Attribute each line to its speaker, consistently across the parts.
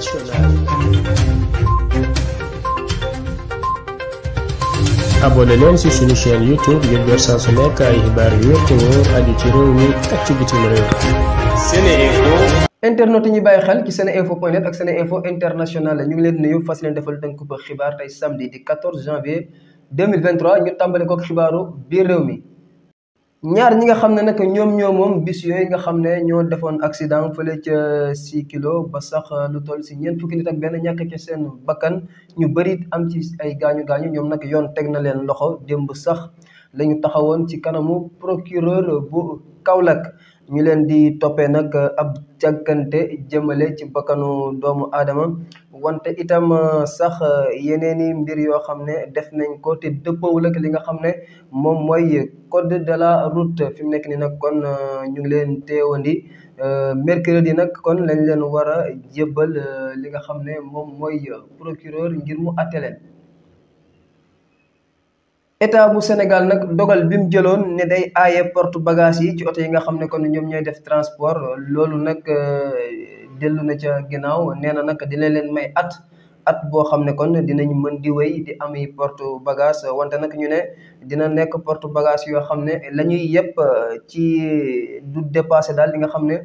Speaker 1: nationale. abonné leen ci suñu chaîne youtube ngir jot saa su nekk xibaar yu wér te ci réew mi ak ci bitim réew. SeneInfo. internet yi ñu bàyyi xel ci seneinfo.net ak seneinfo international ñu ngi leen di nuyu fas leen defal dënk ba xibaar tey samedi di 14 janvier 2023 ñu tàmbali kook xibaaru biir réew mi. ñaar ñi nga xam ne nag ñoom ñoo moom bis yooyu nga xam ne ñoo defoon accident fële ca six kilo ba sax lu toll si ñeent fukki nit ak benn ñàkk ci seen bakkan ñu bëri am ci ay gaañu gaañu ñoom nag yoon teg na leen loxo démb sax lañu taxawoon ci kanamu procureur bu Kaolack ñu leen di toppee nag ab jàggante jëmale ci bakkanu doomu aadama wante itam euh, sax euh, yeneen i mbir yoo xam ne def nañ ko te dëppoowul ak li nga xam ne moom mooy code dala route fi mu nekk nii nag kon euh, ñu ngi leen teewandi mercredi nag kon lañ leen war a jébbal li nga xam ne moom mooy procureur ngir mu àtte leen bu Sénégal nag dogal bi mu jëloon ne day aaye porte bagage yi ci oto yi nga xam ne kon ñoom ñooy def transport loolu nag dellu na ca ginnaaw nee na nag dina leen may at at boo xam ne kon dinañ mën di way di ami porte bagage wante nag ñu ne dina nekk porte bagage yoo xam ne la ñuy yëpp euh, ci du dépassé daal li nga xam ne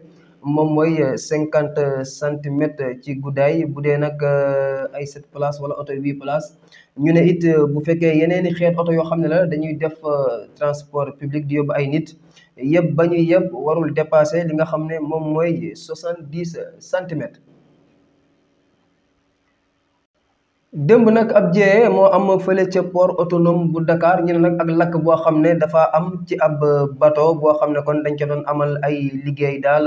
Speaker 1: moom mooy cinquante centimètres ci guddaay bu dee nag euh, ay sept places wala oto huit place ñu ne it euh, bu fekkee yeneeni xeet oto yoo xam ne la dañuy def transport public di yóbbu ay nit yëpp ba ñuy yëpp warul dépasser li nga xam ne moom mooy soixante-dix centimètres dëmb nag ab jiyee moo am fële ca port autonome bu Dakar ñu ne nag ak lakk boo xam ne dafa am ci ab bateau boo xam ne kon dañ ca doon amal ay liggéey daal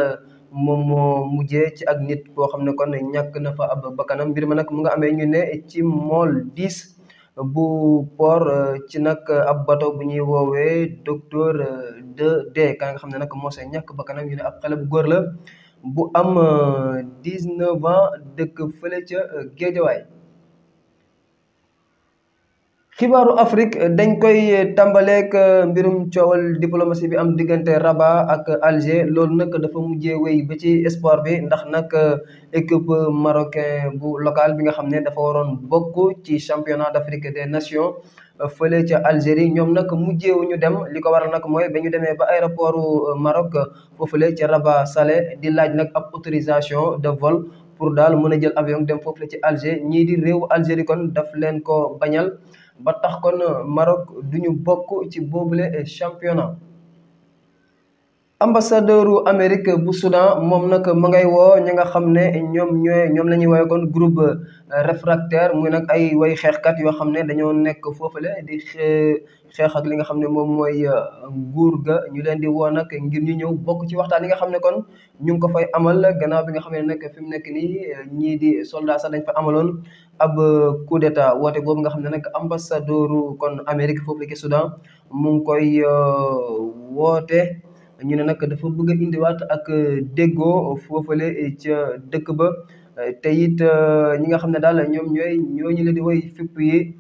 Speaker 1: moom moo mujjee ci ak nit boo xam ne kon ñàkk na fa ab bakkanam mbir ma nag mu nga amee ñu ne ci mool dix bu port euh, ci nag euh, ab bato bu ñuy woowee docteur euh, de d ka nga xam ne nag moo see ñàkk ba kanam ñu ne ab xale bu góor la bu am 19 ans dëkk fële ca Géejawaay xibaaru Afrique eh, dañ koy eh, tàmbaleek eh, mbirum coowal diplomatie bi am diggante raba ak Alger loolu nag dafa mujjee wéy ba ci espoir bi ndax nag équipe marocain bu local bi nga xam ne dafa waroon bokk ci championnat d'Afrique de nations fële ca Algérie ñoom nag mujjeewu ñu dem li ko waral nag mooy ba ñu demee ba aéroportu Maroc foofule ca Rabat Salé di laaj nag ab autorisation de vol pour daal mën a jël avion dem foofule ci Alger ñii di réew Algérie kon daf leen ko bañal ba tax kon Maroc duñu bokk ci boobule championnat ambassadeur u Amérique bu Soudan moom nag ma ngay woo ñi nga xam ne ñoom ñooy ñoom la ñuy woowee kon groupe euh, réfractaire muy nag ay way xeexkat yoo xam ne dañoo nekk foofu le di xeex ak li nga xam ne moom mooy euh, nguur ga ñu leen di woo nag ngir ñu ñëw bokk ci waxtaan yi nga xam ne kon ñu ngi ko fay amal gannaaw bi nga xam ne nag fi mu nekk nii euh, ñii di soldat sax dañ fa amaloon ab coup d'état woote boobu nga xam ne nag ambassadeur kon Amérique foofu la ci Soudan mu ngi koy woote. ñu ne nag dafa bëgg a indiwaat ak euh, déggoo foofale euh, ca dëkk ba euh, te it ñi nga xam ne daal ñoom ñooy ñooñu la di way fipp yi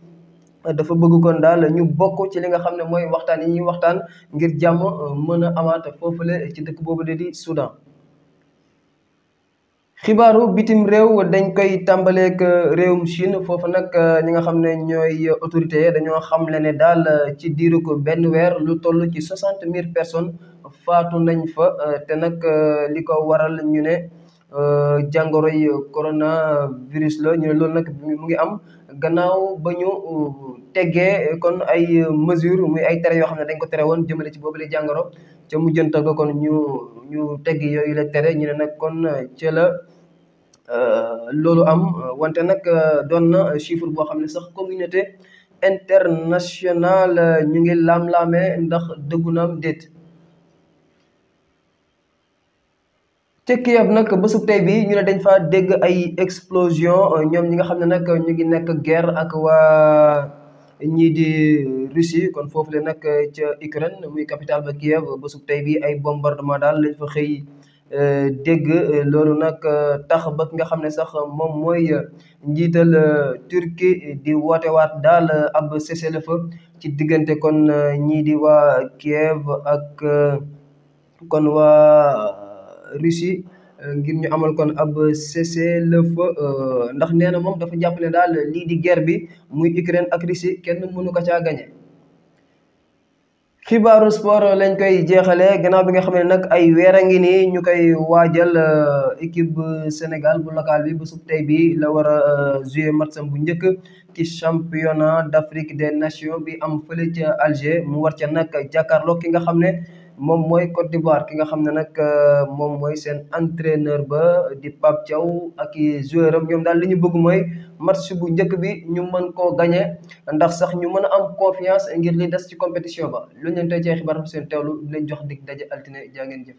Speaker 1: dafa bëgg kon daal ñu bokk ci li nga xam ne mooy waxtaan yi ñuy waxtaan ngir jàmm mën a amaat foofale ci dëkk boobu de di Soudan. xibaaru bitim réew dañ koy tàmbaleeg réewum Chine foofu nag ñi nga xam ne ñooy autorité dañoo xam xamle ne daal ci diiru ko benn weer lu toll ci soixante mille personnes. faatu nañ fa euh, te nag euh, li ko waral ñu ne euh, jàngoro yi coronavirus la ñu ne loolu nag mu ngi am gannaaw ba ñu tegee kon ay mesure muy ay tere yoo xam ne dañ ko tere woon jëmale ci boobu la jàngoro ca mujjanta ga kon ñu ñu teggi yooyu la tere ñu ne nag kon ca la loolu am wante nag doon na chiffre boo xam ne sax communauté internationale ñu ngi laam-laamee ndax dëggu nam déet ci Kiev nag ba tey bi ñu ne dañ fa dégg ay explosion ñoom ñi nga xam ne nag ñu ngi nekk guerre ak waa ñii di Russie kon foofu le nag ca Ukraine muy capital ba Kiev bésub tey bi ay bombardement daal lañ fa xëy euh, dégg loolu nag euh, tax ba nga xam ne sax moom mooy euh, njiital Turquie di wootewaat daal ab cessez le ci diggante kon ñii di waa Kiev ak kon waa Russie euh, ngir ñu amal kon ab cessez le euh, ndax nee na moom dafa jàppale daal lii di guerre bi muy Ukraine ak Russie kenn mënu ko caa gañe xibaaru sport lañ koy jeexale gannaaw bi nga xam ne nag ay weer a ngi nii ñu koy waajal euh, équipe Sénégal bu local bi bu sub bi la war a jouer matcham bu njëkk ci championnat d'Afrique des Nations bi am fële Alger mu war ca nag jàkkaarloo ki nga xam ne moom mooy Côte d'Ivoire ki nga xam ne nag euh, moom mooy seen entraîneur ba di Pape Thiaw ak i joueur am ñoom daal li ñu bëgg mooy match bu njëkk bi ñu mën koo gagné ndax sax ñu mën a am confiance ngir li des ci compétition ba lu leen tey ci xibaar seen teewlu di jox dig daje altine jaa ngeen jëf.